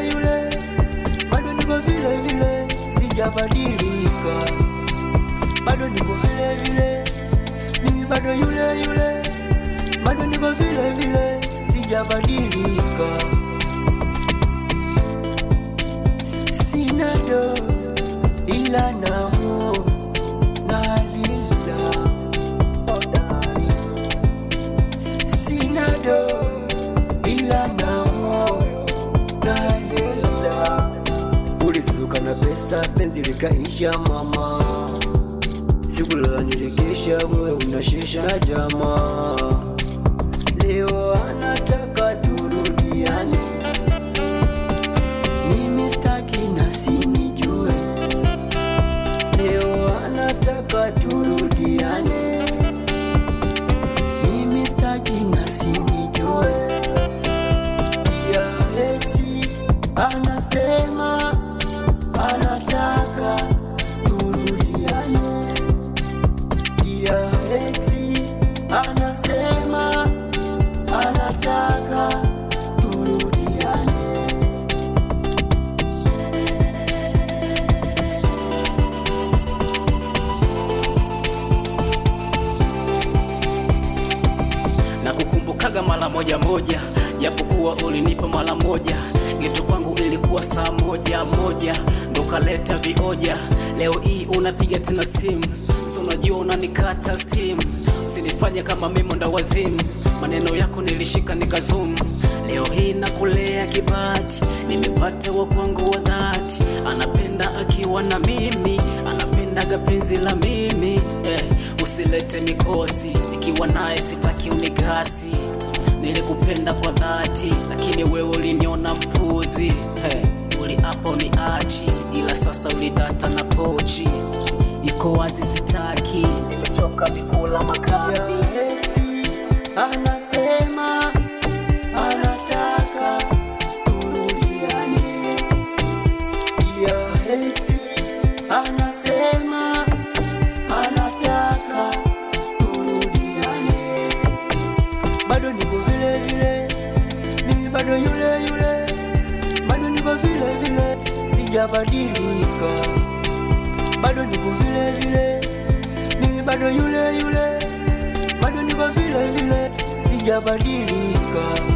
yule bado niko vile vile, sijabadilika, bado niko vile vile, mimi bado yule yule, bado niko vile vile, sijabadilika. na pesa, penzi likaisha mama, siku lala wewe unashesha na jamaa kuchaga mara moja moja, japokuwa ulinipa mara moja. Geto kwangu ilikuwa saa moja moja, ndo kaleta vioja. Leo hii unapiga tena simu, so unajua unanikata steam. Usinifanye kama mimi nda wazimu, maneno yako nilishika nikazumu Leo hii nakulea kibati, nimepata wa kwangu wa dhati, anapenda akiwa na mimi, anapenda gapenzi la mimi eh. Usilete mikosi, nikiwa naye sitaki unikasi. Nilikupenda kwa dhati, lakini wewe uliniona mpuzi. Hey, ni achi ila sasa ulidata na pochi. Iko wazi sitaki, nimechoka mikula makapi sijabadilika, bado niko vile vile, mimi bado yule yule, bado niko vile vile, sijabadilika.